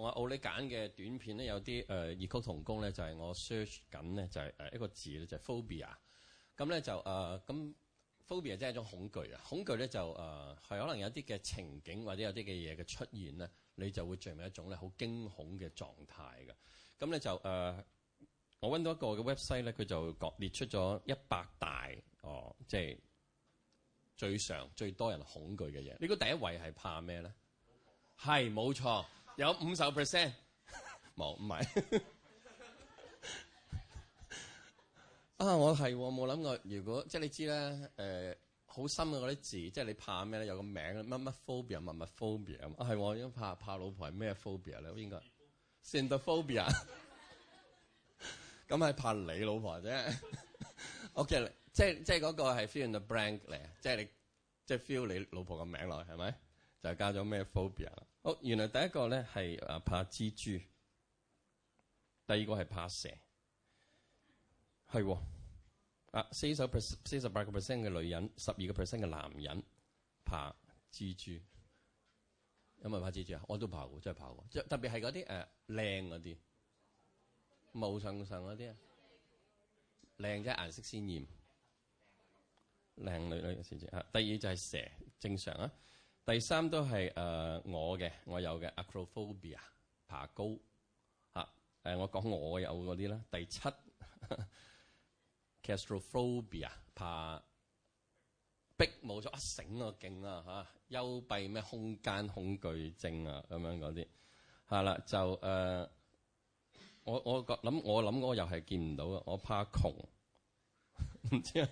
我阿奧你揀嘅短片咧，有啲誒異曲同工咧，就係、是、我 search 緊咧，就係、是、誒一個字咧，就係、是、phobia。咁、呃、咧就誒咁 phobia 即係一種恐懼啊！恐懼咧就誒係、呃、可能有啲嘅情景或者有啲嘅嘢嘅出現咧，你就會進入一種咧好驚恐嘅狀態嘅。咁咧就誒、呃、我揾到一個嘅 website 咧，佢就列出咗一百大哦，即、就、係、是、最常最多人恐懼嘅嘢。你估第一位係怕咩咧？係冇怖錯。有五十 percent 冇，唔係啊！我係冇諗過，如果即係你知咧，誒、呃，好深嘅嗰啲字，即係你怕咩咧？有個名乜乜 phobia，乜乜 phobia 啊？係因為怕怕老婆係咩 phobia 咧？應該 cinderphobia 咁係 怕你老婆啫。 OK，即係即係嗰個係 feel in the blank 嚟啊！即係即係 feel 你老婆個名落係咪？就加咗咩 phobia？好，原來第一個咧係啊怕蜘蛛，第二個係怕蛇，係啊四十 percent 四十八個 percent 嘅女人，十二個 percent 嘅男人怕蜘蛛。有冇怕蜘蛛啊？我都怕喎，真係怕喎。即特別係嗰啲誒靚嗰啲，毛、啊、上上嗰啲啊，靚即，顏色鮮豔，靚女女嘅小姐啊。第二就係蛇，正常啊。第三都係誒、呃、我嘅，我有嘅 acrophobia 爬高嚇、誒、啊，我講我有嗰啲啦。第七 claustrophobia 怕逼冇咗一成啊勁啊嚇，幽閉咩空間恐懼症啊咁樣嗰啲係啦，就誒、啊、我我諗我諗嗰個又係見唔到嘅，我怕窮唔 知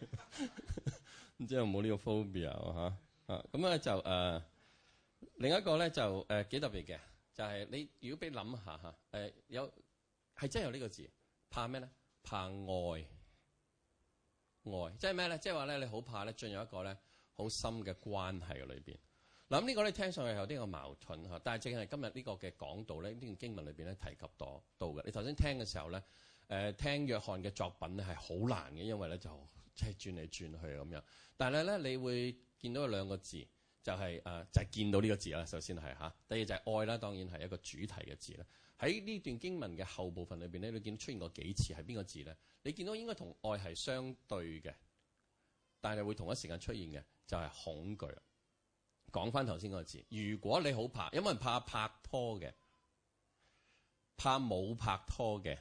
唔知有冇呢個 phobia 嚇、啊。啊，咁咧、嗯、就誒、呃，另一個咧就誒幾、呃、特別嘅，就係、是、你如果俾諗下嚇，誒、呃、有係真有呢個字，怕咩咧？怕愛，愛，即係咩咧？即係話咧，你好怕咧進入一個咧好深嘅關係嘅裏邊。嗱呢個咧聽上去有啲個矛盾嚇，但係正係今日呢個嘅講道咧，呢、這、段、個、經文裏邊咧提及到到嘅。你頭先聽嘅時候咧，誒、呃、聽約翰嘅作品咧係好難嘅，因為咧就即係、就是、轉嚟轉去咁樣，但係咧你會。見到兩個字，就係誒，呃，就係見到呢個字啦。首先係嚇，第二就係愛啦，當然係一個主題嘅字啦。喺呢段經文嘅後部分裏邊咧，你見到出現過幾次係邊個字咧？你見到應該同愛係相對嘅，但係會同一時間出現嘅就係恐懼。講翻頭先嗰個字，如果你好怕，有冇人怕拍拖嘅？怕冇拍拖嘅？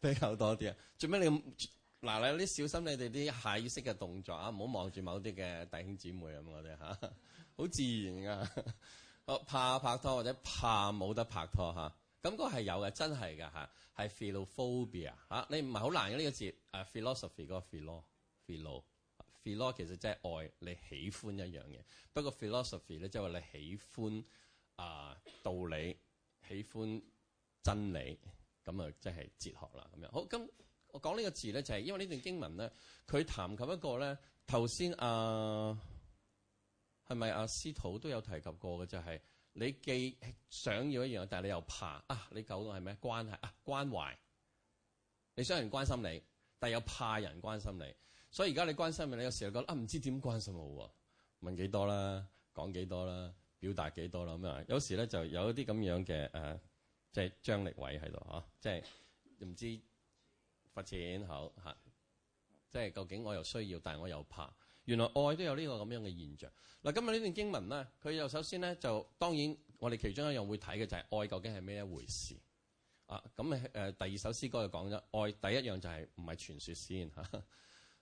比較多啲啊。做咩你咁嗱，你有啲小心，你哋啲下意識嘅動作啊，唔好望住某啲嘅弟兄姊妹咁，我哋嚇好自然噶。我怕拍拖或者怕冇得拍拖嚇，咁、那、嗰個係有嘅，真係嘅嚇，係 philophobia 嚇。你唔係好難嘅呢個字，誒 philosophy 嗰個 philo，philo，philo 其實即係愛，你喜歡一樣嘢。不過 philosophy 咧即係話你喜歡啊道理，喜歡真理，咁啊即係哲學啦咁樣。好咁。那我講呢個字咧，就係、是、因為呢段經文咧，佢談及一個咧，頭先啊，係咪阿司徒都有提及過嘅，就係、是、你既想要一樣，但係你又怕啊，你究竟係咩關係啊？關懷，你想人關心你，但係又怕人關心你，所以而家你關心咪，你有時又覺得啊，唔知點關心我喎？問幾多啦，講幾多啦，表達幾多啦咁啊？有時咧就有一啲咁樣嘅誒，即、啊、係、就是、張力位喺度吓，即係唔知。發錢好是即係究竟我又需要，但我又怕。原來愛都有呢、這個咁樣嘅現象嗱。今日呢段經文咧，佢又首先咧就當然我哋其中一樣會睇嘅就係、是、愛究竟係咩一回事啊？咁、呃、第二首詩歌就講咗愛第一樣就係唔係傳說先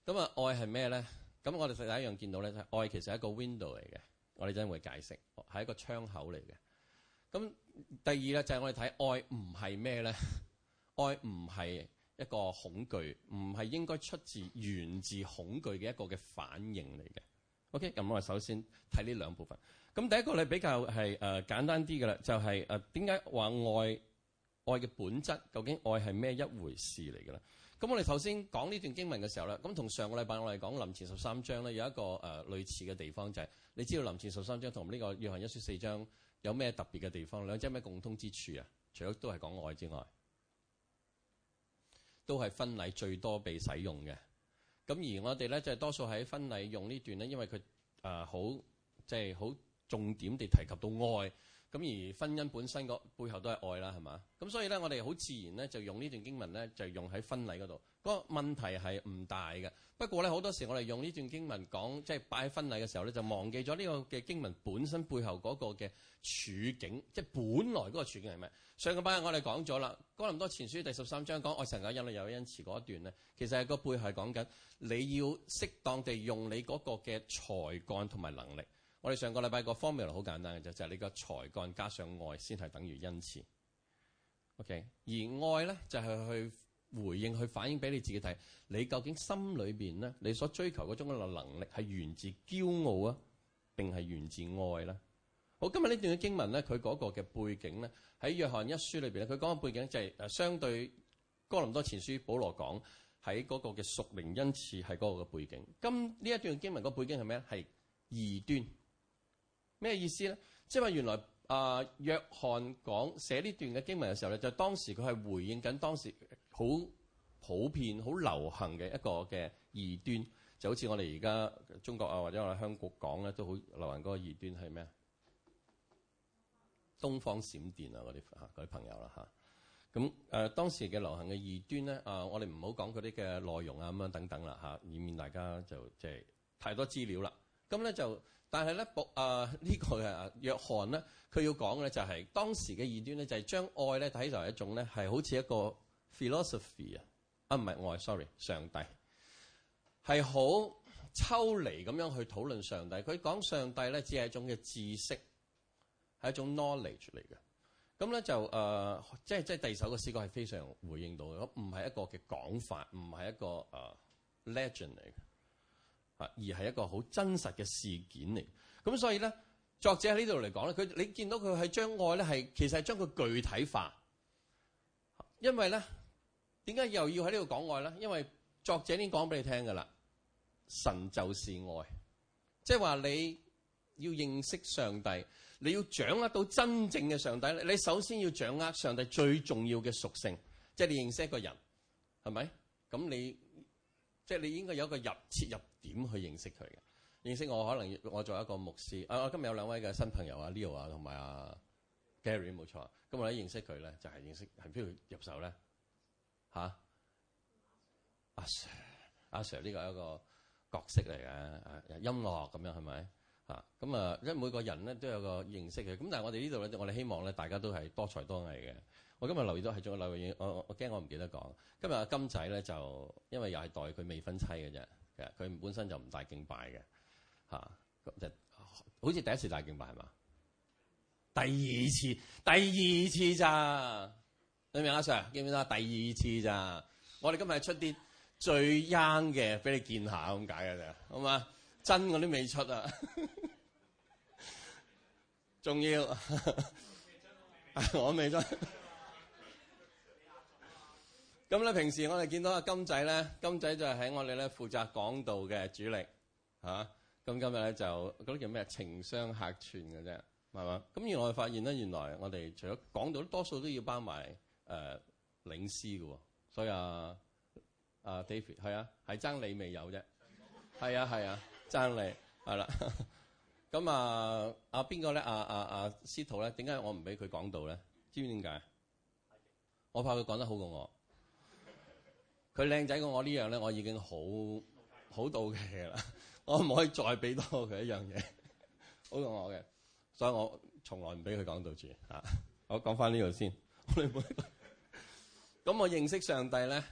咁啊？愛係咩咧？咁我哋第一樣見到咧就係愛其實係一個 window 嚟嘅，我哋真會解釋係一個窗口嚟嘅。咁第二咧就係、是、我哋睇愛唔係咩咧？愛唔係。一個恐懼，唔係應該出自源自恐懼嘅一個嘅反應嚟嘅。OK，咁我哋首先睇呢兩部分。咁第一個你比較係誒簡單啲嘅啦，就係誒點解話愛、愛嘅本質，究竟愛係咩一回事嚟嘅啦？咁我哋頭先講呢段經文嘅時候咧，咁同上個禮拜我哋講林前十三章咧有一個誒類似嘅地方就係、是，你知道林前十三章同呢個約翰一書四章有咩特別嘅地方？兩者有咩共通之處啊？除咗都係講愛之外。都係婚禮最多被使用嘅，咁而我哋呢，就多數喺婚禮用呢段呢，因為佢好，即係好重點地提及到愛。咁而婚姻本身個背後都係愛啦，係嘛？咁所以咧，我哋好自然咧就用呢段經文咧，就用喺婚禮嗰度。個問題係唔大嘅，不過咧，好多時我哋用呢段經文講，即係擺喺婚禮嘅時候咧，就忘記咗呢個嘅經文本身背後嗰個嘅處境，即係本來嗰個處境係咩？上個班日我哋講咗啦，《哥林多前書》第十三章講愛神有因，有恩慈嗰一段咧，其實係個背後係講緊你要適當地用你嗰個嘅才幹同埋能力。我哋上個禮拜個 formula 好簡單嘅啫，就係你個才幹加上愛先係等於恩賜。O.K. 而愛咧就係去回應、去反應俾你自己睇，你究竟心裏面咧，你所追求嗰種嘅能力係源自驕傲啊，定係源自愛咧？好，今日呢段嘅經文咧，佢嗰個嘅背景咧，喺約翰一書裏面咧，佢講嘅背景就係誒相對哥林多前書保羅講喺嗰個嘅屬靈恩賜係嗰個嘅背景。今呢一段經文個背景係咩咧？係異端。咩意思咧？即係話原來啊、呃，約翰講寫呢段嘅經文嘅時候咧，就是、當時佢係回應緊當時好普遍、好流行嘅一個嘅異端，就好似我哋而家中國啊或者我哋香港講咧都好流行嗰個異端係咩啊？東方閃電啊，嗰啲嚇啲朋友啦、啊、嚇。咁誒、呃、當時嘅流行嘅異端咧啊，我哋唔好講嗰啲嘅內容啊咁啊等等啦、啊、嚇，以免大家就即係、就是、太多資料啦。咁咧就。但係咧，博、這、呢個啊約翰咧，佢要講嘅咧就係、是、當時嘅異端咧，就係將愛咧睇作為一種咧係好似一個 philosophy 啊，啊唔係愛，sorry 上帝係好抽離咁樣去討論上帝。佢講上帝咧只係一種嘅知識係一種 knowledge 嚟嘅。咁咧就誒、呃、即係即係第二首嘅詩歌係非常回應到嘅，唔係一個嘅講法，唔係一個誒、uh, legend 嚟嘅。而係一個好真實嘅事件嚟，咁所以咧，作者喺呢度嚟講咧，佢你見到佢係將愛咧係其實係將佢具體化，因為咧點解又要喺呢度講愛咧？因為作者已經講俾你聽㗎啦，神就是愛，即係話你要認識上帝，你要掌握到真正嘅上帝咧，你首先要掌握上帝最重要嘅屬性，即係你認識一個人係咪？咁你即係你應該有一個入切入。點去認識佢嘅？認識我，我可能我做一個牧師啊！我今日有兩位嘅新朋友啊，Leo 啊同埋啊 Gary，冇錯，咁我哋認識佢咧就係、是、認識，係邊度入手咧？吓、啊？阿 Sir，阿、啊、Sir 呢個係一個角色嚟嘅、啊，音樂咁樣係咪？嚇！咁啊，因、啊、即每個人咧都有一個認識嘅。咁但係我哋呢度咧，我哋希望咧大家都係多才多藝嘅。我今日留意到係仲有兩個演我我驚我唔記得講。今日阿金仔咧就因為又係代佢未婚妻嘅啫。其實佢本身就唔帶敬拜嘅，嚇，即係好似第一次帶敬拜係嘛？第二次，第二次咋？你明阿 Sir，記唔記得啊？第二次咋？我哋今日出啲最 young 嘅俾你見下，咁解嘅咋，好嘛？真我啲未出啊，仲要，我未出。 咁咧，平時我哋見到阿金仔咧，金仔就係喺我哋咧負責講道嘅主力嚇。咁、啊、今日咧就嗰啲叫咩啊？情商客串嘅啫，係嘛？咁原來我哋發現咧，原來我哋除咗講道，多數都要包埋誒、呃、領師嘅喎。所以阿阿 David 係啊，係、啊、爭、啊、你未有啫，係啊係啊，爭、啊啊、 你。係啦。咁啊，阿邊個咧？阿阿阿司徒咧？點解我唔俾佢講道咧？知唔知點解？的我怕佢講得好過我。佢靚仔過我呢樣咧，我已經好好到嘅啦。我唔可以再俾多佢一樣嘢，好過我嘅，所以我從來唔俾佢講到住嚇。我講翻呢度先。咁我認識上帝咧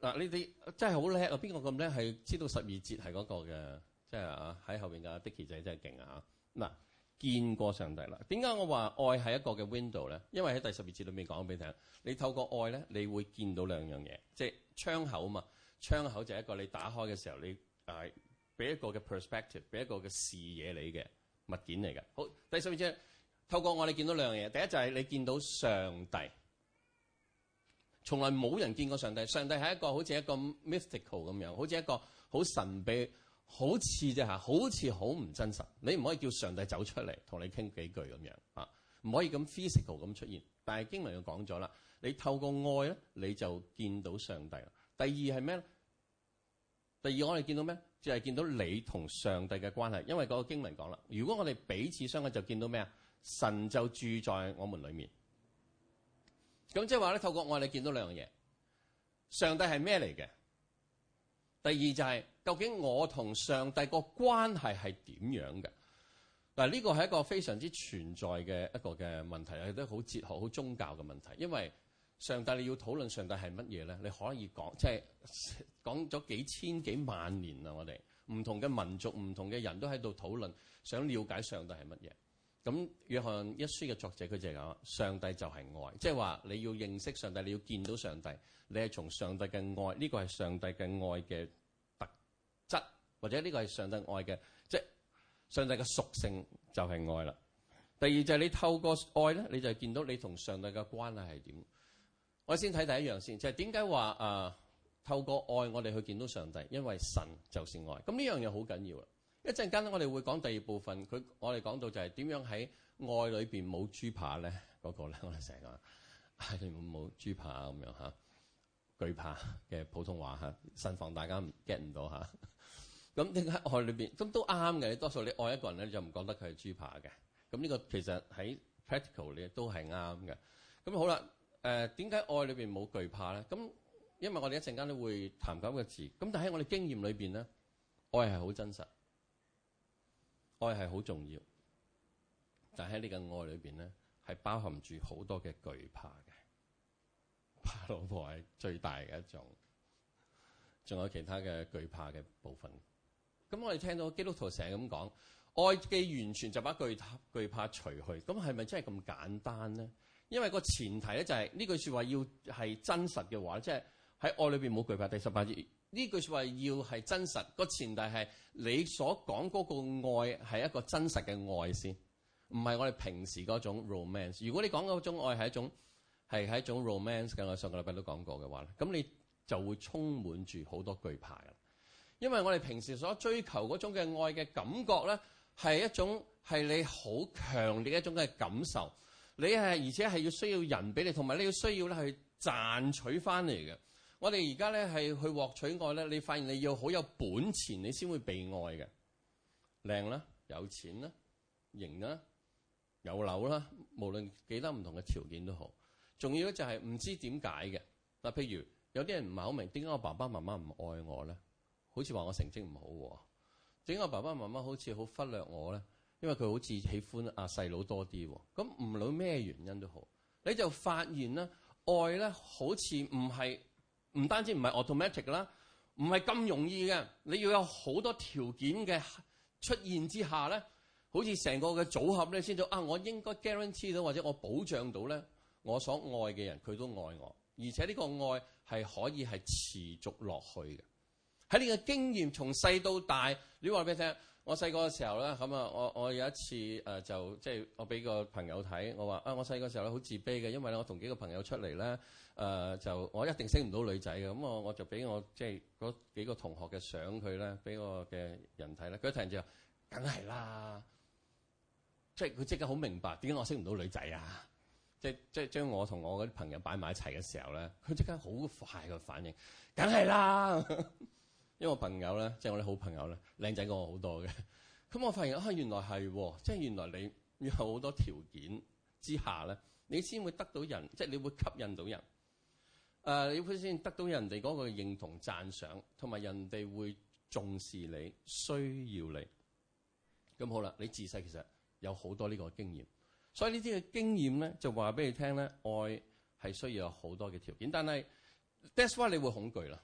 嗱，呢啲真係好叻啊！邊個咁叻係知道十二節係嗰個嘅？即係啊，喺後邊嘅阿 Dickie 仔真係勁啊！嗱，見過上帝啦。點解我話愛係一個嘅 window 咧？因為喺第十二節裏面講俾你聽，你透過愛咧，你會見到兩樣嘢，即係。窗口嘛，窗口就係一個你打開嘅時候，你誒俾一個嘅 perspective，俾一個嘅視野你嘅物件嚟嘅。好，第十二節，就係，透過我哋見到兩樣嘢，第一就係你見到上帝，從來冇人見過上帝。上帝係一個好似一個 mystical 咁樣，好似一個好神秘，好似啫嚇，好似好唔真實。你唔可以叫上帝走出嚟同你傾幾句咁樣啊，唔可以咁 physical 咁出現。但係經文又講咗啦。你透過愛咧，你就見到上帝啦。第二係咩咧？第二我哋見到咩？就係見到你同上帝嘅關係。因為嗰個經文講啦，如果我哋彼此相愛，就見到咩啊？神就住在我們裡面。咁即係話咧，透過愛，你見到兩樣嘢。上帝係咩嚟嘅？第二就係究竟我同上帝個關係係點樣嘅？嗱，呢個係一個非常之存在嘅一個嘅問題，係都好哲學、好宗教嘅問題，因為。上帝，你要討論上帝係乜嘢咧？你可以講，即係講咗幾千幾萬年啦。我哋唔同嘅民族、唔同嘅人都喺度討論，想了解上帝係乜嘢。咁《約翰一書》嘅作者佢就係講上帝就係愛，即係話你要認識上帝，你要見到上帝，你係從上帝嘅愛，呢個係上帝嘅愛嘅特質，或者呢個係上帝愛嘅即係上帝嘅屬性就係愛啦。第二就係你透過愛咧，你就見到你同上帝嘅關係係點。我先睇第一樣先，就係點解話透過愛我哋去見到上帝，因為神就是愛。咁呢樣嘢好緊要啊！一陣間咧，我哋會講第二部分。佢我哋講到就係、是、點樣喺愛裏面冇豬扒咧，嗰、那個咧我哋成日講係你冇豬扒咁樣嚇，巨扒嘅普通話嚇，慎防大家 get 唔到嚇。咁點解愛裏面？咁都啱嘅。多數你愛一個人咧，就唔覺得佢係豬扒嘅。咁呢個其實喺 practical 你都係啱嘅。咁好啦。誒，點解愛裏邊冇懼怕咧？咁因為我哋一陣間都會談緊個字，咁但喺我哋經驗裏邊咧，愛係好真實，愛係好重要，但喺你嘅愛裏邊咧，係包含住好多嘅懼怕嘅，怕老婆係最大嘅一種，仲有其他嘅懼怕嘅部分。咁我哋聽到基督徒成日咁講，愛既完全就把懼怕懼怕除去，咁係咪真係咁簡單咧？因為個前提咧就係、是、呢句説話要係真實嘅話，即係喺愛裏邊冇懼怕。第十八節呢句説話要係真實，個前提係你所講嗰個愛係一個真實嘅愛先，唔係我哋平時嗰種 romance。如果你講嗰種愛係一種係係一種 romance 嘅，我上個禮拜都講過嘅話咧，咁你就會充滿住好多懼怕。因為我哋平時所追求嗰種嘅愛嘅感覺咧，係一種係你好強烈的一種嘅感受。你係而且係要需要人俾你，同埋你要需要咧去賺取翻嚟嘅。我哋而家咧係去獲取愛咧，你發現你要好有本錢，你先會被愛嘅。靚啦，有錢啦，型啦，有樓啦，無論幾多唔同嘅條件都好。仲要咧就係唔知點解嘅嗱，譬如有啲人唔係好明點解我爸爸媽媽唔愛我咧，好似話我成績唔好喎，啊，點解我爸爸媽媽好似好忽略我咧？因為佢好似喜歡阿細佬多啲喎，咁唔論咩原因都好，你就發現咧，愛咧好似唔係唔單止唔係 automatic 啦，唔係咁容易嘅，你要有好多條件嘅出現之下咧，好似成個嘅組合你，你先至啊！我應該 guarantee 到或者我保障到咧，我所愛嘅人佢都愛我，而且呢個愛係可以係持續落去嘅。喺你嘅經驗，從細到大，你話俾我聽。我細個嘅時候咧，咁啊，我我有一次誒就即係、就是、我俾個朋友睇，我話啊，我細個時候咧好自卑嘅，因為咧我同幾個朋友出嚟咧誒就我一定識唔到女仔嘅。咁我我就俾我即係嗰幾個同學嘅相佢咧，俾我嘅人睇咧。佢一睇就話：「梗係啦！即係佢即刻好明白點解我識唔到女仔啊！即即將我同我嗰啲朋友擺埋一齊嘅時候咧，佢即刻好快嘅反應，梗係啦！ 因為我朋友咧，即係我啲好朋友咧，靚仔過我好多嘅。咁我發現啊，原來係，即係原來你有好多條件之下咧，你先會得到人，即係你會吸引到人。誒，你先得到人哋嗰個認同、讚賞，同埋人哋會重視你、需要你。咁好啦，你自細其實有好多呢個經驗，所以呢啲嘅經驗咧，就話俾你聽咧，愛係需要好多嘅條件，但係 that's why 你會恐懼啦。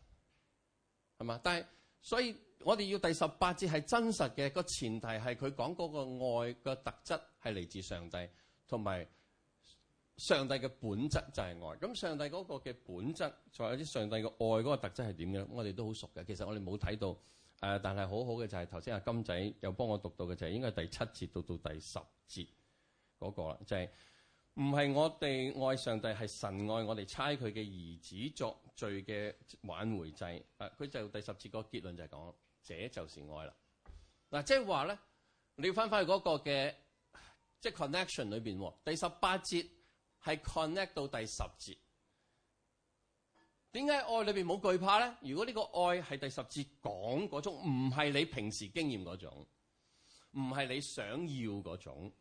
係嘛？但係所以我哋要第十八節係真實嘅個前提，係佢講嗰個愛嘅特質係嚟自上帝，同埋上帝嘅本質就係愛。咁上帝嗰個嘅本質，仲有啲上帝嘅愛嗰個特質係點嘅？我哋都好熟嘅。其實我哋冇睇到誒，但係好好嘅就係頭先阿金仔有幫我讀到嘅，就係應該係第七節到到第十節嗰個啦，就係。唔係我哋愛上帝，係神愛我哋，差佢嘅兒子作罪嘅挽回祭佢、啊、就第十節個結論就係講，這就是愛啦。嗱、啊，即係話咧，你要翻翻去嗰個嘅即係 connection 裏邊、哦。第十八節係 connect 到第十節。點解愛裏邊冇懼怕咧？如果呢個愛係第十節講嗰種，唔係你平時經驗嗰種，唔係你想要嗰種。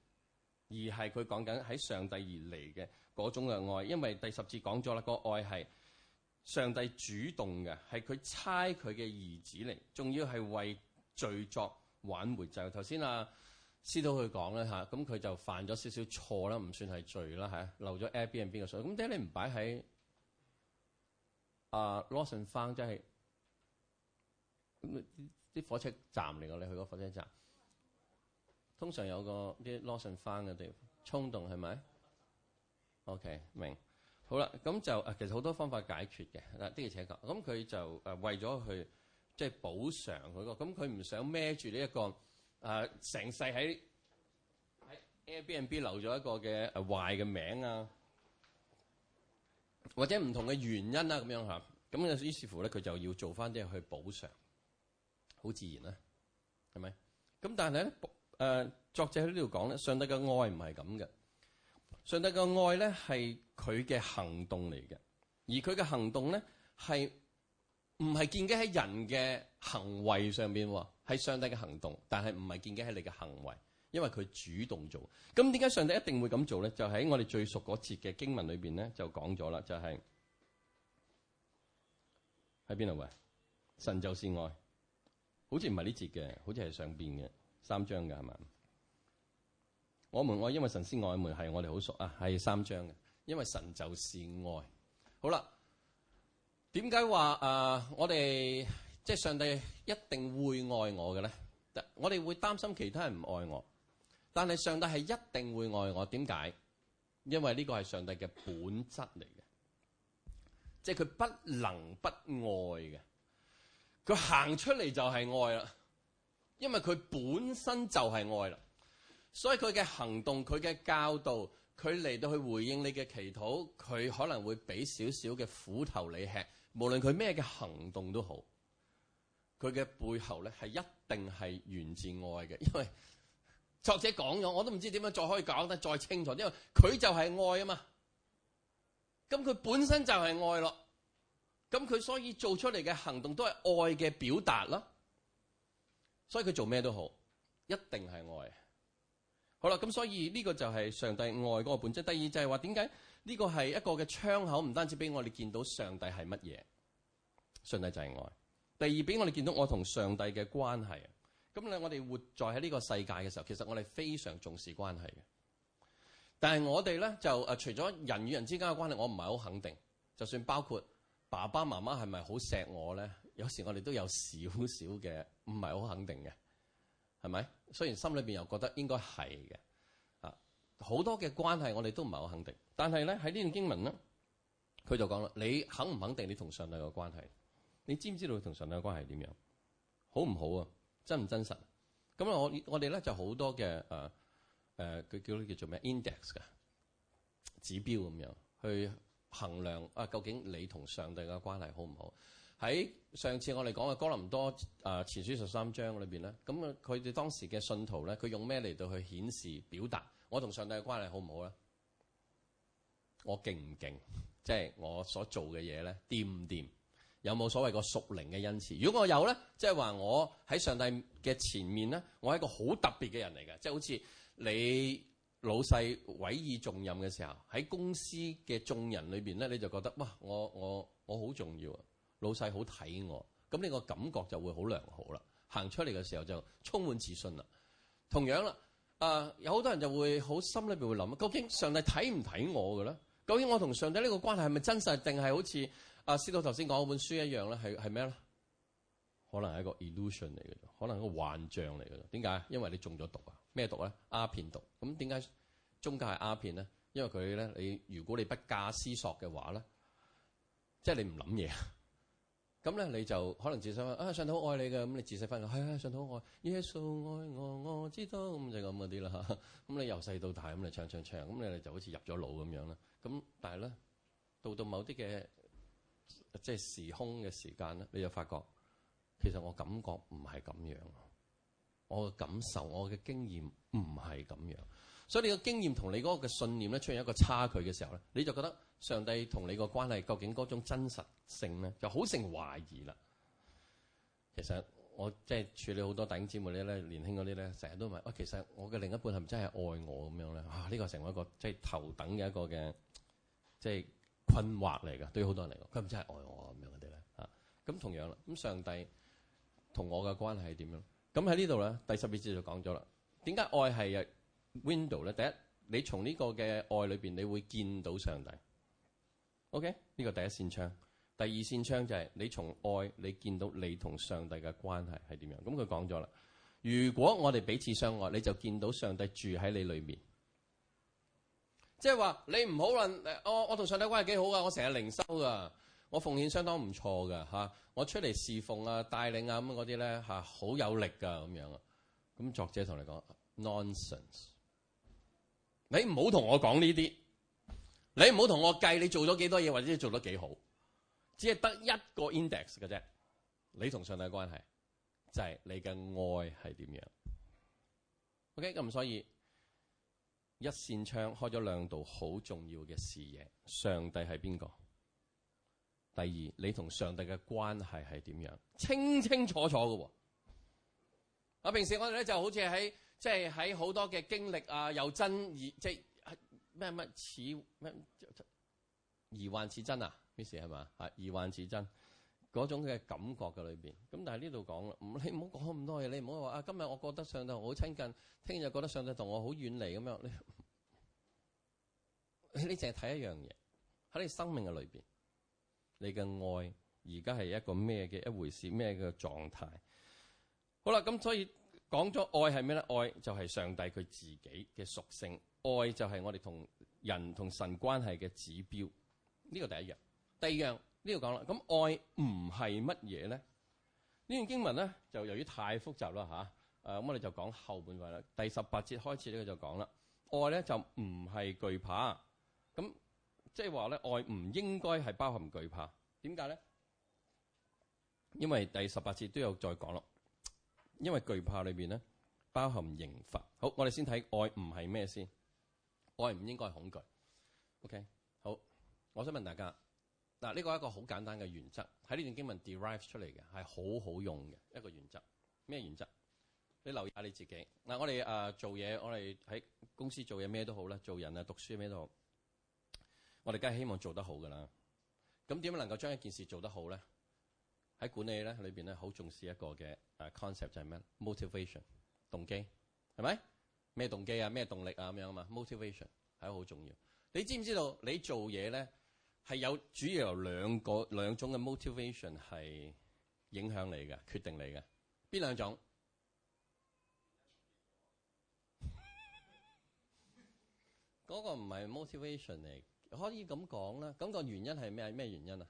而係佢講緊喺上帝而嚟嘅嗰種嘅愛，因為第十節講咗啦，個愛係上帝主動嘅，係佢差佢嘅兒子嚟，仲要係為罪作挽回。就頭先阿司徒佢講啦，嚇，咁佢就犯咗少少錯啦，唔算係罪啦嚇，漏咗 Airbnb 嘅數，咁點解你唔擺喺啊 Lawson 坊即係啲火車站嚟㗎？你去嗰火車站。通常有個啲 lost and found 嘅地方，衝動係咪？OK 明好啦，咁就啊其實好多方法解決嘅嗱，的而且確。咁佢就誒為咗去即係、就是、補償嗰、這個，咁佢唔想孭住呢一個誒成世喺喺 Airbnb 留咗一個嘅誒壞嘅名啊，或者唔同嘅原因啊咁樣吓，咁於是乎咧佢就要做翻啲去補償，好自然啦、啊，係咪？咁但係咧誒、呃，作者喺呢度講咧，上帝嘅愛唔係咁嘅，上帝嘅愛咧係佢嘅行動嚟嘅，而佢嘅行動咧係唔係建基喺人嘅行為上邊，喺上帝嘅行動，但係唔係建基喺你嘅行為，因為佢主動做。咁點解上帝一定會咁做咧？就喺、是、我哋最熟嗰節嘅經文裏邊咧就講咗啦，就係喺邊度喂？神就是愛，好似唔係呢節嘅，好似係上邊嘅。三章嘅係嘛？我哋愛，我因為神先愛我哋係我哋好熟啊，係三章嘅。因為神就是愛。好啦，點解話誒，我哋即係上帝一定會愛我嘅咧？我哋會擔心其他人唔愛我，但係上帝係一定會愛我。點解？因為呢個係上帝嘅本質嚟嘅，即係佢不能不愛嘅，佢行出嚟就係愛啦。因為佢本身就係愛啦，所以佢嘅行動、佢嘅教導、佢嚟到去回應你嘅祈禱，佢可能會俾少少嘅苦頭你吃，無論佢咩嘅行動都好，佢嘅背後咧係一定係源自愛嘅，因為作者講咗，我都唔知點樣再可以講得再清楚，因為佢就係愛啊嘛，咁佢本身就係愛咯，咁佢所以做出嚟嘅行動都係愛嘅表達咯。所以佢做咩都好，一定係愛。好啦，咁所以呢個就係上帝愛嗰個本質。第二就係話點解呢個係一個嘅窗口，唔單止俾我哋見到上帝係乜嘢，上帝就係愛。第二俾我哋見到我同上帝嘅關係。咁咧，我哋活在喺呢個世界嘅時候，其實我哋非常重視關係嘅。但係我哋咧就誒、啊，除咗人與人之間嘅關係，我唔係好肯定。就算包括爸爸媽媽係咪好錫我咧？有時我哋都有少少嘅唔係好肯定嘅，係咪？雖然心裏面又覺得應該係嘅，啊，好多嘅關係我哋都唔係好肯定。但係咧喺呢段經文咧，佢就講啦：你肯唔肯定你同上帝嘅關係？你知唔知道佢同上帝嘅關係點樣？好唔好啊？真唔真實？咁啊，我我哋咧就好多嘅誒誒佢叫叫做咩 index 㗎，指標咁樣去衡量啊，究竟你同上帝嘅關係好唔好？喺上次我哋講嘅哥林多前書十三章裏面，咧，咁佢哋當時嘅信徒咧，佢用咩嚟到去顯示表達我同上帝嘅關係好唔好咧？我勁唔勁？即係我所做嘅嘢咧，掂唔掂？有冇所謂個屬靈嘅恩賜？如果我有咧，即係話我喺上帝嘅前面咧，我係一個好特別嘅人嚟嘅，即係好似你老細委以重任嘅時候，喺公司嘅眾人裏面，咧，你就覺得哇！我我我好重要啊！老細好睇我，咁你個感覺就會好良好啦。行出嚟嘅時候就充滿自信啦。同樣啦、呃，有好多人就會好心裏面會諗：究竟上帝睇唔睇我嘅咧？究竟我同上帝呢個關係係咪真實，定係好似阿司徒頭先講嗰本書一樣咧？係係咩咧？可能係一個 illusion 嚟嘅，可能係個幻象嚟嘅。點解？因為你中咗毒啊！咩毒咧？鴉片毒。咁點解宗教係鴉片咧？因為佢咧，你如果你不假思索嘅話咧，即係你唔諗嘢。咁咧你就可能自細話啊，上帝愛你嘅，咁你自細翻，係啊，上帝愛，耶穌愛我，我知道，咁就咁嗰啲啦。咁你由細到大咁你唱唱唱，咁你哋就好似入咗腦咁樣啦。咁但係咧，到到某啲嘅即係時空嘅時間咧，你就發覺其實我感覺唔係咁樣，我嘅感受、我嘅經驗唔係咁樣。所以你個經驗同你嗰個嘅信念咧出現一個差距嘅時候咧，你就覺得上帝同你個關係究竟嗰種真實性咧就好成懷疑啦。其實我即係處理好多頂尖嗰啲咧，年輕嗰啲咧，成日都問：喂，其實我嘅另一半係咪真係愛我咁樣咧？啊，呢、這個成為一個即係、就是、頭等嘅一個嘅即係困惑嚟噶，對於好多人嚟講，佢唔真係愛我咁樣嗰啲咧啊。咁同樣啦，咁上帝同我嘅關係係點樣？咁喺呢度咧，第十二節就講咗啦。點解愛係 Window 咧，Windows, 第一，你從呢個嘅愛裏邊，你會見到上帝。OK，呢個第一扇窗。第二扇窗就係、是、你從愛你見到你同上帝嘅關係係點樣。咁佢講咗啦，如果我哋彼此相愛，你就見到上帝住喺你裏面。即係話你唔好論我我同上帝關係幾好噶，我成日靈修噶，我奉獻相當唔錯噶嚇，我出嚟侍奉啊、帶領啊咁嗰啲咧嚇好有力噶咁樣啊。咁作者同你講 nonsense。你唔好同我講呢啲，你唔好同我計你做咗幾多嘢，或者做得幾好，只係得一個 index 嘅啫。你同上帝關係就係、是、你嘅愛係點樣？OK，咁所以一扇窗開咗兩度，好重要嘅視野。上帝係邊個？第二，你同上帝嘅關係係點樣？清清楚楚嘅。喎。平時我哋咧就好似喺。即係喺好多嘅經歷啊，又真而即係咩乜似咩疑幻似真啊？咩事係嘛？係疑幻似真嗰種嘅感覺嘅裏邊。咁但係呢度講啦，你唔好講咁多嘢，你唔好話啊，今日我覺得上帝好親近，聽日覺得上帝同我好遠離咁樣。你你淨係睇一樣嘢喺你生命嘅裏邊，你嘅愛而家係一個咩嘅一回事，咩嘅狀態？好啦，咁所以。講咗愛係咩咧？愛就係上帝佢自己嘅屬性，愛就係我哋同人同神關係嘅指標。呢個第一樣，第二樣呢度講啦。咁愛唔係乜嘢咧？呢段經文咧就由於太複雜啦吓，誒、啊、咁我哋就講後半份啦。第十八節開始呢，佢就講啦，愛咧就唔係懼怕，咁即係話咧愛唔應該係包含懼怕。點解咧？因為第十八節都有再講啦因為懼怕裏邊咧包含刑罰。好，我哋先睇愛唔係咩先？愛唔應該係恐懼。OK，好，我想問大家，嗱呢個係一個好簡單嘅原則，喺呢段經文 derive 出嚟嘅，係好好用嘅一個原則。咩原則？你留意下你自己。嗱，我哋誒做嘢，我哋喺公司做嘢咩都好啦，做人啊、讀書咩都好，我哋梗係希望做得好噶啦。咁點樣能夠將一件事做得好咧？喺管理咧，裏邊咧好重視一個嘅誒 concept 就係咩？motivation 動機係咪？咩動機啊？咩動力啊？咁樣啊嘛？motivation 係好重要。你知唔知道你做嘢咧係有主要由兩個兩種嘅 motivation 係影響你嘅，決定你嘅，邊兩種？嗰個唔係 motivation 嚟，可以咁講啦。咁個原因係咩？咩原因啊？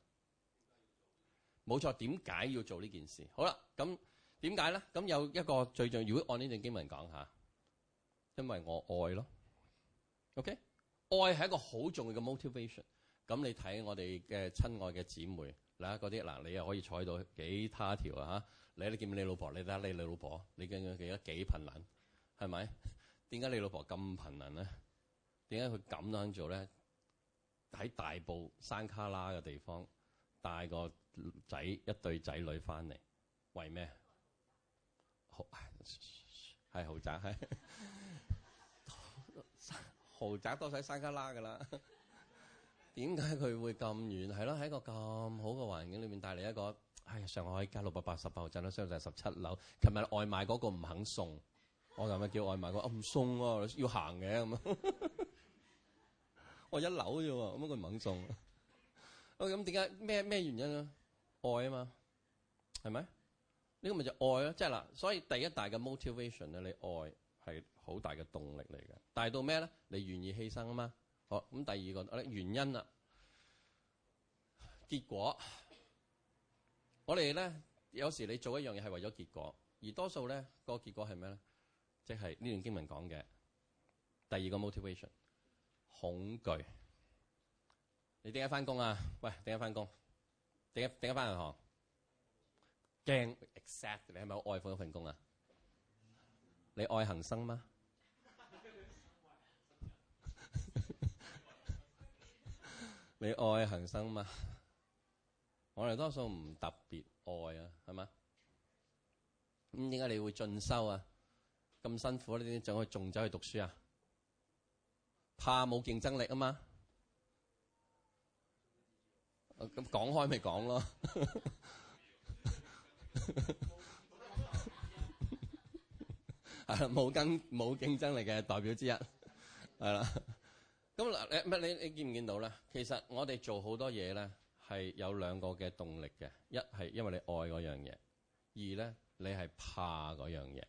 冇錯，點解要做呢件事？好啦，咁點解咧？咁有一個最重要，如果按呢段經文講下，因為我愛咯。OK，愛係一個好重要嘅 motivation。咁你睇我哋嘅親愛嘅姊妹嗱，嗰啲嗱，你又可以踩到幾他條啊嚇？你你見唔見你老婆？你睇下你老婆，你看見佢而家幾貧能？係咪？點解你老婆咁貧能咧？點解佢咁樣做咧？喺大埔山卡拉嘅地方帶個。仔一對仔女翻嚟，為咩？豪係豪，豪，豪宅，豪宅多晒山卡拉噶啦。點解佢會咁遠？係咯，喺一個咁好嘅環境裏面帶嚟一個喺、哎、上海加六百八十八號鎮，都相對係十七樓。琴日外賣嗰個唔肯送，我咁啊叫外賣，那個，我唔、啊啊、送咯，啊，要行嘅咁。啊、 我一樓啫，咁佢唔肯送。我咁點解咩咩原因啊？愛啊嘛，係咪？呢個咪就愛咯，即係啦。所以第一大嘅 motivation 咧，你愛係好大嘅動力嚟嘅。大到咩咧？你願意犧牲啊嘛。好，咁第二個原因啦，結果。我哋咧，有時你做一樣嘢係為咗結果，而多數咧個結果係咩咧？即係呢段經文講嘅第二個 motivation，恐懼。你點解翻工啊？喂，點解翻工？點解點解返銀行？驚 except 你係咪好愛嗰份工啊？你愛恒生嗎？ 你愛恒生嗎？我哋多數唔特別愛啊，係嘛？咁點解你會進修啊？咁辛苦，你點解仲走去讀書啊？怕冇競爭力啊嘛？咁講開咪講咯，冇 跟冇競爭力嘅代表之一，係啦。咁嗱，你你見唔見到咧？其實我哋做好多嘢咧，係有兩個嘅動力嘅。一係因為你愛嗰樣嘢，二咧你係怕嗰樣嘢。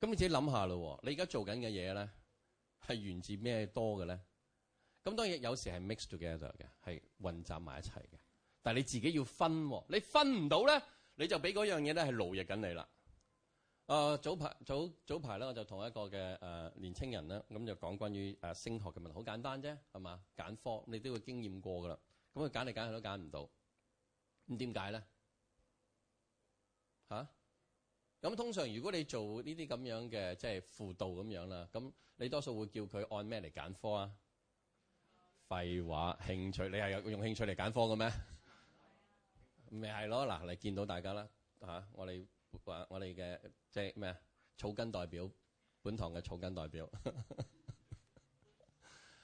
咁你自己諗下咯。你而家做緊嘅嘢咧，係源自咩多嘅咧？咁當然有時係 mixed together 嘅，係混雜埋一齊嘅。但你自己要分喎，你分唔到咧，你就俾嗰樣嘢咧係勞役緊你啦。誒、呃，早排早早排咧，我就同一個嘅、呃、年青人呢，咁就講關於誒、呃、升學嘅問題，好簡單啫，係嘛？揀科你都會經驗過㗎啦。咁佢揀嚟揀去都揀唔到，咁點解咧嚇？咁通常如果你做呢啲咁樣嘅即係輔導咁樣啦，咁你多數會叫佢按咩嚟揀科啊？廢話，興趣你係有用興趣嚟揀科嘅咩？咪係咯，嗱你見到大家啦嚇、啊，我哋話我哋嘅即係咩啊？草根代表，本堂嘅草根代表，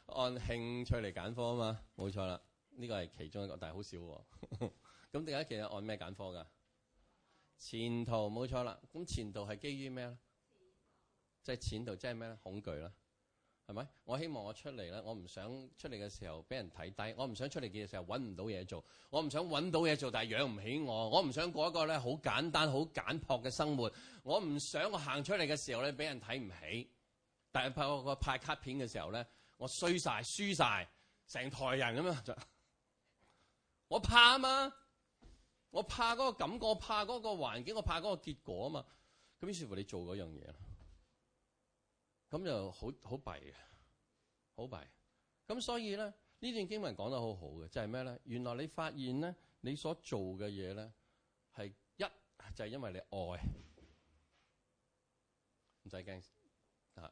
按興趣嚟揀科啊嘛，冇錯啦。呢、呢個係其中一個，但係好少喎。咁點解其實按咩揀科㗎？前途冇錯啦。咁前途係基於咩咧？即係前途即係咩咧？恐懼啦。係咪？我希望我出嚟咧，我唔想出嚟嘅時候俾人睇低，我唔想出嚟嘅時候揾唔到嘢做，我唔想揾到嘢做但係養唔起我，我唔想過一個咧，好簡單好簡樸嘅生活，我唔想我行出嚟嘅時候咧，俾人睇唔起，但係拍個拍卡片嘅時候咧，我衰晒輸晒，成台人咁樣，我怕啊嘛，我怕嗰個感覺，我怕嗰個環境，我怕嗰個結果啊嘛，咁於是乎你做嗰樣嘢咁就好好弊嘅，好弊。咁所以咧，呢段經文講得好好嘅，即係咩咧？原來你發現咧，你所做嘅嘢咧，係一就係、是、因為你愛，唔使驚，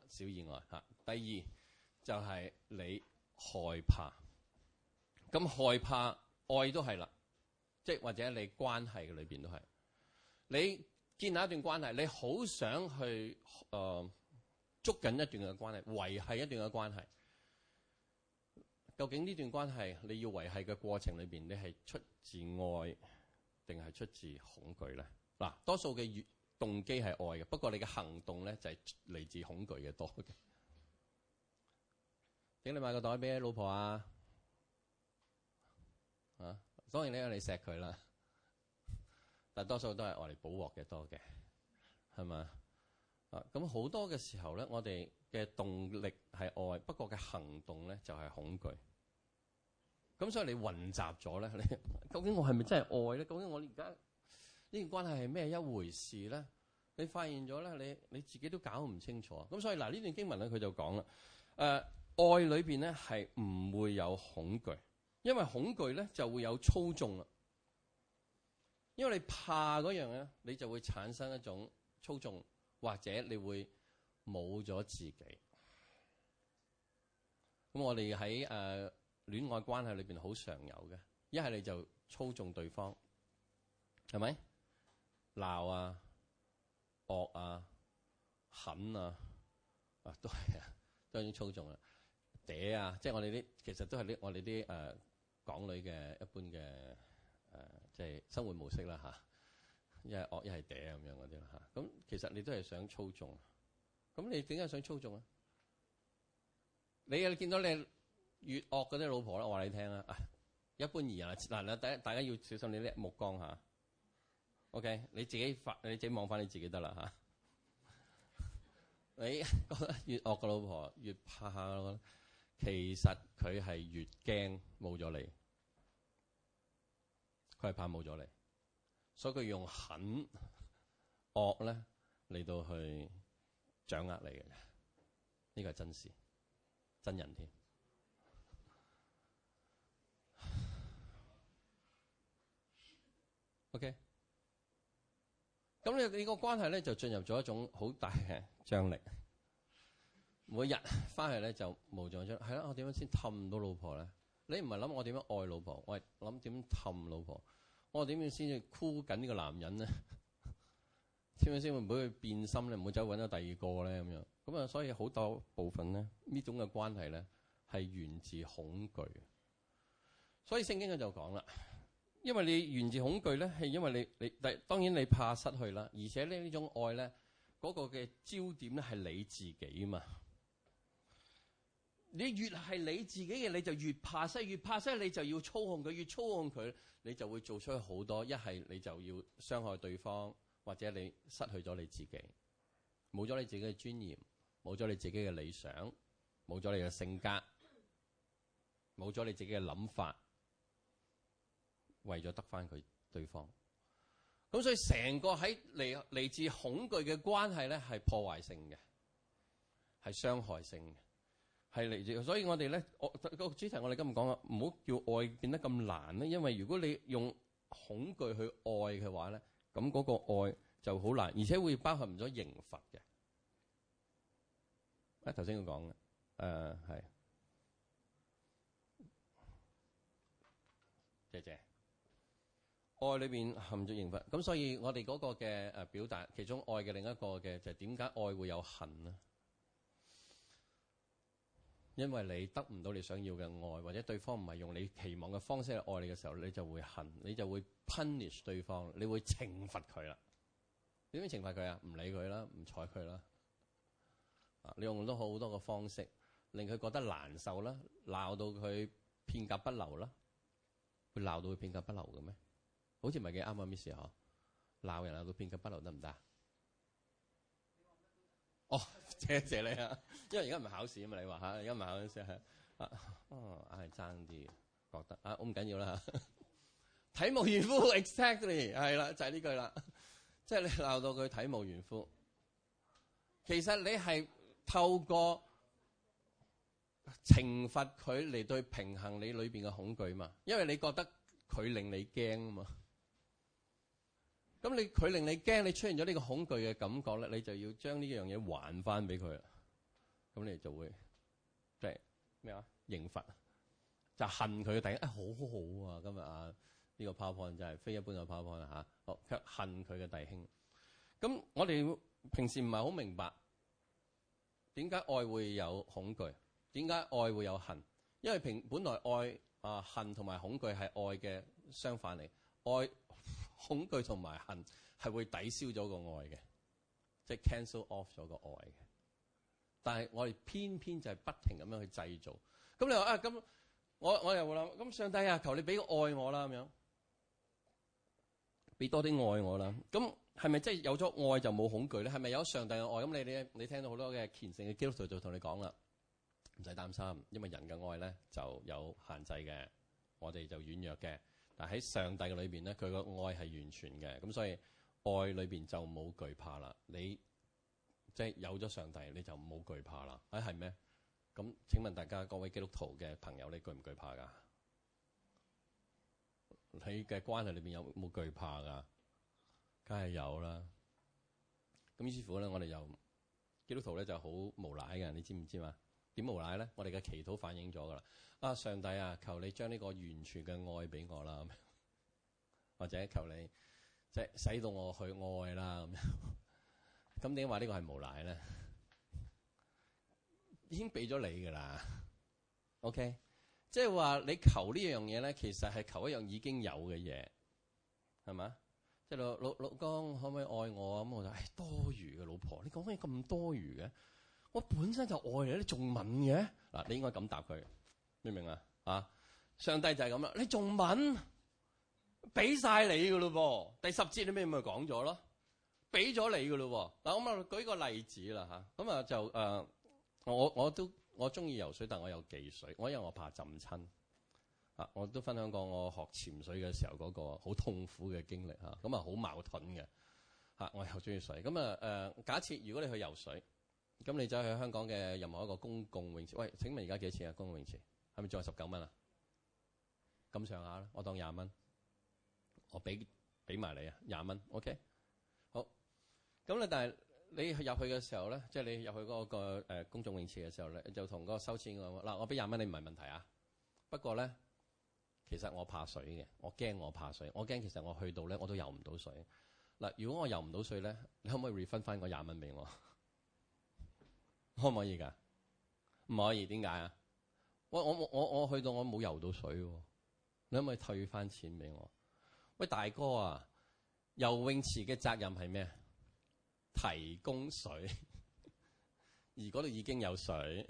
小意外吓。第二就係、是、你害怕，咁害怕愛都係啦，即係或者你關係嘅裏邊都係，你建立一段關係，你好想去誒。呃捉緊一段嘅關係，維繫一段嘅關係。究竟呢段關係你要維繫嘅過程裏邊，你係出自愛，定係出自恐懼咧？嗱，多數嘅動機係愛嘅，不過你嘅行動咧就係嚟自恐懼嘅多嘅。請 你買個袋俾老婆啊！啊，當然你係嚟錫佢啦，但多數都係我嚟補鑊嘅多嘅，係嘛？啊，咁好、嗯、多嘅時候咧，我哋嘅動力係愛，不過嘅行動咧就係、是、恐懼。咁、嗯、所以你混雜咗咧，你究竟我係咪真係愛咧？究竟我而家呢段關係係咩一回事咧？你發現咗咧，你你自己都搞唔清楚。咁、嗯、所以嗱，呢段經文咧，佢就講啦，誒、呃，愛裏邊咧係唔會有恐懼，因為恐懼咧就會有操縱啦。因為你怕嗰樣咧，你就會產生一種操縱。或者你會冇咗自己，咁我哋喺誒戀愛關係裏面好常有嘅，一係你就操縱對方，係咪鬧啊、惡啊、狠啊，啊都係啊，都係種操縱啊，嗲啊，即係我哋啲其實都係啲我哋啲誒港女嘅一般嘅誒即係生活模式啦嚇一係惡一係嗲咁樣嗰啲啦嚇，咁其實你都係想操縱，咁你點解想操縱啊？你啊見到你越惡嗰啲老婆咧，我話你聽啦，一般而言嗱，大家大家要小心你叻目光嚇。OK，你自己發你自己望翻你自己 你得啦嚇。你覺得越惡個老婆越怕，其實佢係越驚冇咗你，佢係怕冇咗你。所以佢用狠惡咧嚟到去掌握你嘅，呢個係真事，真人添。OK，咁你你個關係咧就進入咗一種好大嘅張力。每日翻去咧就無盡張力，係咯，我點樣先氹到老婆咧？你唔係諗我點樣愛老婆，我係諗點氹老婆。我點、啊、樣先至箍緊呢個男人咧？點樣先會唔會，會去變心咧？唔會走搵到第二個咧？咁樣咁啊，所以好多部分咧，種呢種嘅關係咧，係源自恐懼。所以聖經佢就講啦，因為你源自恐懼咧，係因為你你但當然你怕失去啦，而且呢，呢種愛咧，嗰個嘅焦點咧係你自己嘛。你越係你自己嘅，你就越怕失，越怕失，你就要操控佢，越操控佢，你就會做出好多。一係你就要傷害對方，或者你失去咗你自己，冇咗你自己嘅尊嚴，冇咗你自己嘅理想，冇咗你嘅性格，冇咗你自己嘅諗法，為咗得返佢對方。咁所以成個喺嚟嚟自恐懼嘅關係咧，係破壞性嘅，係傷害性嘅。係嚟自，所以我哋咧，我個主題我哋今日講啊，唔好叫愛變得咁難咧。因為如果你用恐懼去愛嘅話咧，咁嗰個愛就好難，而且會包含咗刑罰嘅。啊，頭先佢講嘅，誒係，謝謝。愛裏邊含咗刑罰，咁所以我哋嗰個嘅誒表達，其中愛嘅另一個嘅就係點解愛會有恨咧？因為你得唔到你想要嘅愛，或者對方唔係用你期望嘅方式去愛你嘅時候，你就會恨，你就會 punish 對方，你會懲罰佢啦。點樣懲罰佢啊？唔理佢啦，唔睬佢啦。啊，你用咗好多個方式令佢覺得難受啦，鬧到佢片甲不留啦，會鬧到佢片甲不留嘅咩？好似唔係幾啱啊，Miss 嗬，鬧人鬧到片甲不留得唔得？哦。Oh, 謝謝你啊，因為而家唔係考試啊嘛，你話嚇，而家唔係考試啊、哦係，啊，嗯，硬係爭啲嘅，覺得啊，啊，我唔緊要啦，體無完膚，exactly，係啦，就係呢句啦，即係你鬧到佢體無完膚，其實你係透過懲罰佢嚟對平衡你裏邊嘅恐懼嘛，因為你覺得佢令你驚啊嘛。咁你佢令你驚，你出現咗呢個恐懼嘅感覺咧，你就要將呢樣嘢還翻俾佢啦。咁你就會即係咩啊？就是、麼刑罰就是、恨佢嘅弟兄。啊、哎，好，好好啊，今日啊呢、這個 powerpoint 就係非一般嘅 powerpoint 啦、啊、吓。哦，卻恨佢嘅弟兄。咁我哋平時唔係好明白點解愛會有恐懼，點解愛會有恨？因為平本來愛啊恨同埋恐懼係愛嘅相反嚟，愛。恐懼同埋恨係會抵消咗個愛嘅，即係 cancel off 咗個愛嘅。但係我哋偏偏就係不停咁樣去製造。咁你話啊，咁我我又會諗，咁上帝啊，求你俾個愛我啦，咁樣俾多啲愛我啦。咁係咪即係有咗愛就冇恐懼咧？係咪有上帝嘅愛咁？你你你聽到好多嘅虔誠嘅基督徒就同你講啦，唔使擔心，因為人嘅愛咧就有限制嘅，我哋就軟弱嘅。喺上帝嘅裏邊咧，佢嘅愛係完全嘅，咁所以愛裏邊就冇懼怕啦。你即係、就是、有咗上帝，你就冇懼怕啦。誒係咩？咁請問大家各位基督徒嘅朋友，你懼唔懼怕㗎？你嘅關係裏邊有冇懼怕㗎？梗係有啦。咁於是乎咧，我哋又基督徒咧就好無賴嘅，你知唔知啊？點無奈咧？我哋嘅祈禱反映咗噶啦，啊上帝啊，求你將呢個完全嘅愛俾我啦，或者求你即係、就是、使到我去愛啦咁樣。咁點話呢個係無奈咧？已經俾咗你噶啦。OK，即係話你求呢樣嘢咧，其實係求一樣已經有嘅嘢，係嘛？即、就、係、是、老老老公可唔可以愛我咁？我就唉，多餘嘅，老婆，你講嘢咁多餘嘅。我本身就愛你，你仲問嘅嗱？你應該咁答佢，明唔明啊？啊！上帝就係咁啦，你仲問？俾晒你噶咯，第十節你咩咪講咗咯，俾咗你噶咯嗱。咁啊，舉個例子啦吓。咁啊就誒我我，我都我中意游水，但我有忌水，我因為我怕浸親啊。我都分享過我學潛水嘅時候嗰個好痛苦嘅經歷吓，咁啊好、啊啊、矛盾嘅嚇、啊。我又中意水咁啊誒。假設如果你去游水。咁你走去香港嘅任何一個公共泳池，喂，請問而家幾多錢啊？公共泳池係咪仲有十九蚊啊？咁上下啦，我當廿蚊，我俾俾埋你啊，廿蚊，OK？好，咁咧，但係你入去嘅時候咧，即係你入去嗰個誒公眾泳池嘅時候咧，就同嗰收錢嗰個嗱，我俾廿蚊你唔係問題啊。不過咧，其實我怕水嘅，我驚我怕水，我驚其實我去到咧我都游唔到水。嗱，如果我游唔到水咧，你可唔可以 refund 翻個廿蚊俾我？可唔可以㗎？唔可以，點解啊？喂，我我我我去到我冇游到水喎，啊，你可唔可以退返錢俾我？喂，大哥啊，游泳池嘅責任係咩？提供水，而嗰度已經有水，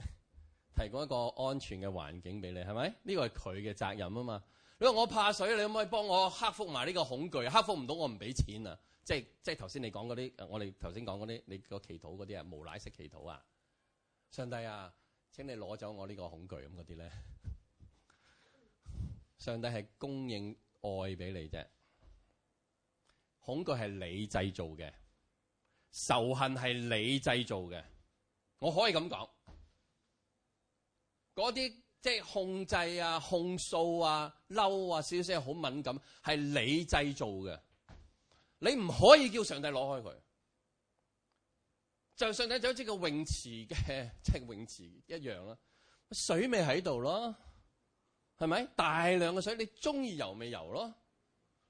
提供一個安全嘅環境俾你，係咪？呢個係佢嘅責任啊嘛。你話我怕水，你可唔可以幫我克服埋呢個恐懼？克服唔到我唔俾錢啊！即係即係頭先你講嗰啲，我哋頭先講嗰啲，你個祈禱嗰啲啊，無賴式祈禱啊！上帝啊，請你攞走我呢個恐懼咁嗰啲咧。上帝係供應愛俾你啫，恐懼係你製造嘅，仇恨係你製造嘅。我可以咁講，嗰啲即係控制啊、控訴啊、嬲啊、少少好敏感，係你製造嘅。你唔可以叫上帝攞開佢。就上睇就好似個泳池嘅，即、就是、泳池一樣啦。水咪喺度咯，係咪大量嘅水？你中意游咪游咯。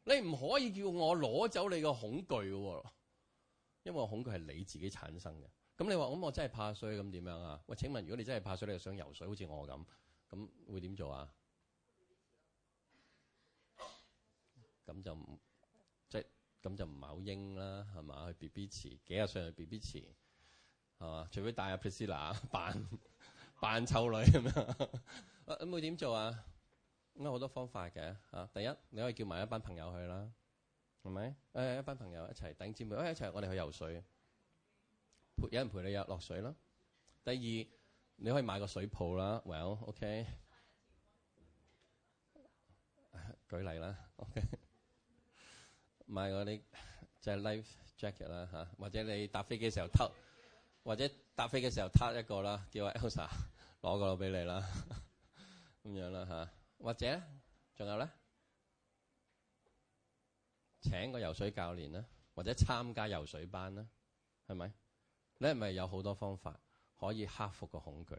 你唔可以叫我攞走你個恐懼喎，因為恐懼係你自己產生嘅。咁你話咁我真係怕水咁點樣啊？喂，請問如果你真係怕水，你又想游水，好似我咁，咁會點做啊？咁就即係咁就唔係好應啦，係嘛？去 BB 池幾日上去 BB 池？係嘛，啊？除非帶阿 Priscilla 扮扮醜女咁樣，咁，啊、會點做啊？應該好多方法嘅嚇，啊。第一，你可以叫埋一班朋友去啦，係咪？誒、哎、一班朋友一齊等姊妹，哎、一齊，我哋去游水，陪有人陪你入落水咯。第二，你可以買個水泡啦。啊、Well,OK,okay，舉例啦。OK，買嗰啲即係 life jacket 啦，啊、嚇，或者你搭飛機嘅時候偷。或者搭飛嘅時候撻一個啦，叫阿 Elsa 攞個攞俾你啦，咁樣啦嚇。或者咧仲有咧，請個游水教練啦，或者參加游水班啦，係咪？你係咪有好多方法可以克服個恐懼？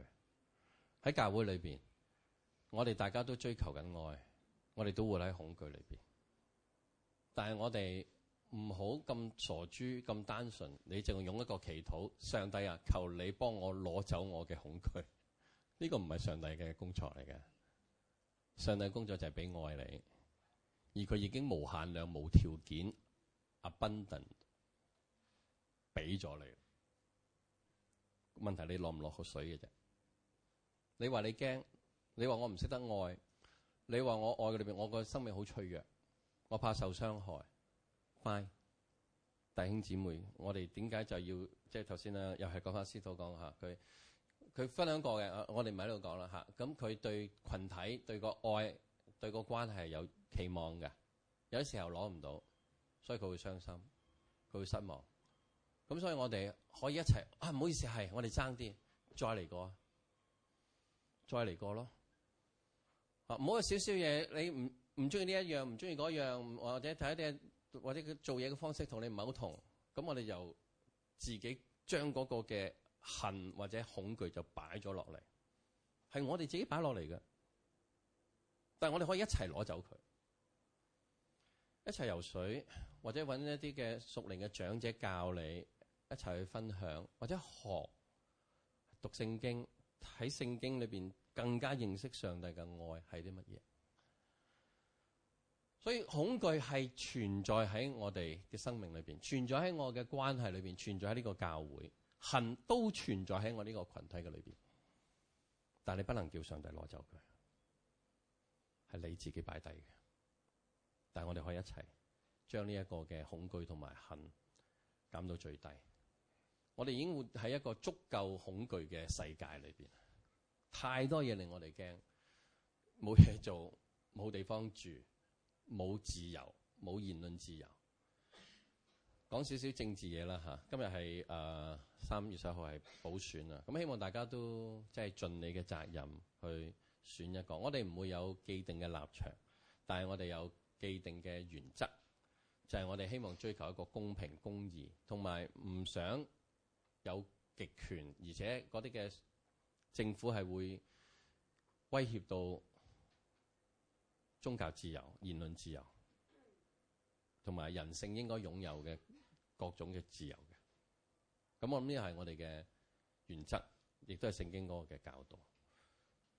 喺教會裏邊，我哋大家都追求緊愛，我哋都會喺恐懼裏邊，但係我哋。唔好咁傻豬咁單純，你淨係用一個祈禱，上帝啊，求你幫我攞走我嘅恐懼。呢、這個唔係上帝嘅工作嚟嘅，上帝工作就係俾愛你，而佢已經無限量、無條件、abundant 俾咗你。問題你落唔落口水嘅啫？你話你驚，你話我唔識得愛，你話我愛裏邊，我個生命好脆弱，我怕受傷害。快，弟兄姊妹，我哋點解就要即係頭先咧？又係講翻司徒講嚇，佢佢分享過嘅，我哋唔喺度講啦嚇。咁佢對群體對個愛對個關係有期望嘅，有時候攞唔到，所以佢會傷心，佢會失望。咁所以我哋可以一齊啊！唔好意思，係我哋爭啲，再嚟過啊，再嚟過咯。啊，唔好有少少嘢，你唔唔中意呢一樣，唔中意嗰樣，或者睇啲。或者佢做嘢嘅方式同你唔係好同，咁我哋由自己將嗰個嘅恨或者恐懼就擺咗落嚟，係我哋自己擺落嚟嘅，但係我哋可以一齊攞走佢，一齊游水，或者揾一啲嘅屬靈嘅長者教你一齊去分享，或者學讀聖經，喺聖經裏邊更加認識上帝嘅愛係啲乜嘢。所以恐懼係存在喺我哋嘅生命裏邊，存在喺我嘅關係裏邊，存在喺呢個教會，恨都存在喺我呢個群體嘅裏邊。但係你不能叫上帝攞走佢，係你自己擺低嘅。但係我哋可以一齊將呢一個嘅恐懼同埋恨減到最低。我哋已經活喺一個足夠恐懼嘅世界裏邊，太多嘢令我哋驚，冇嘢做，冇地方住。冇自由，冇言論自由。講少少政治嘢啦嚇，今天是3月日，係誒三月十號係補選啊，咁希望大家都即係盡你嘅責任去選一個。我哋唔會有既定嘅立場，但係我哋有既定嘅原則，就係、是、我哋希望追求一個公平公義，同埋唔想有極權，而且嗰啲嘅政府係會威脅到。宗教自由、言論自由，同埋人性應該擁有嘅各種嘅自由嘅。咁我諗呢啲係我哋嘅原則，亦都係聖經嗰個嘅教導。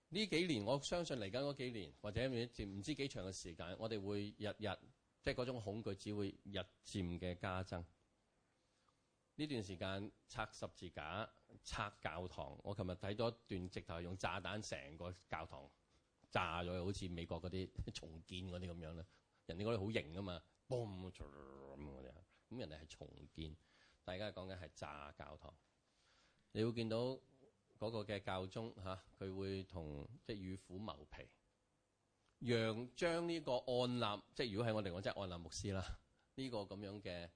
呢幾年我相信嚟緊嗰幾年，或者唔知幾長嘅時間，我哋會日日即係嗰種恐懼，只會日漸嘅加增。呢段時間拆十字架、拆教堂，我琴日睇到一段，直頭係用炸彈成個教堂。炸咗好似美國嗰啲重建嗰啲咁樣啦，人哋嗰啲好型㗎嘛，咁人哋係重建，大家講緊係炸教堂。你會見到嗰個嘅教宗嚇，佢、啊、會同即係與虎謀皮，讓將呢個按立，即係如果喺我哋講即係按立牧師啦，呢、呢個咁樣嘅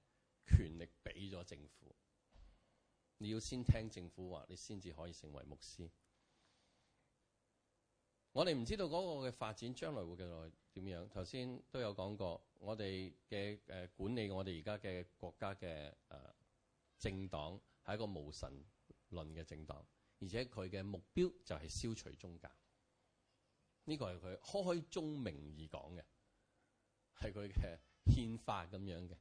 權力俾咗政府。你要先聽政府話，你先至可以成為牧師。我哋唔知道嗰個嘅發展將來會幾耐點樣？頭先都有講過，我哋嘅誒管理我哋而家嘅國家嘅誒政黨係一個無神論嘅政黨，而且佢嘅目標就係消除宗教。呢個係佢開宗明義講嘅，係佢嘅憲法咁樣嘅。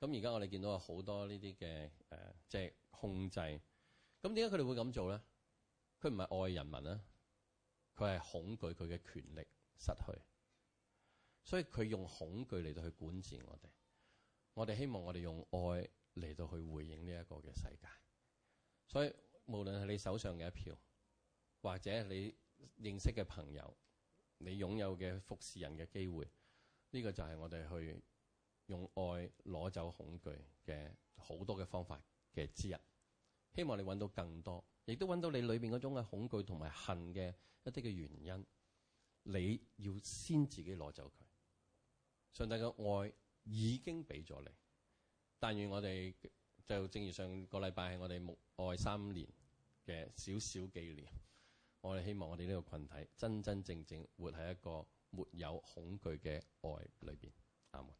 咁而家我哋見到有好多呢啲嘅誒，即係控制。咁點解佢哋會咁做咧？佢唔係愛人民啊！佢係恐懼佢嘅權力失去，所以佢用恐懼嚟到去管治我哋。我哋希望我哋用愛嚟到去回應呢一個嘅世界。所以無論係你手上嘅一票，或者你認識嘅朋友，你擁有嘅服侍人嘅機會，呢個就係我哋去用愛攞走恐懼嘅好多嘅方法嘅之一。希望你揾到更多。亦都揾到你裏邊種嘅恐懼同埋恨嘅一啲嘅原因，你要先自己攞走佢。上帝嘅愛已經俾咗你，但願我哋就正如上個禮拜，係我哋目愛三年嘅少少紀念，我哋希望我哋呢個群體真真正正活喺一個沒有恐懼嘅愛裏邊，啱唔啱？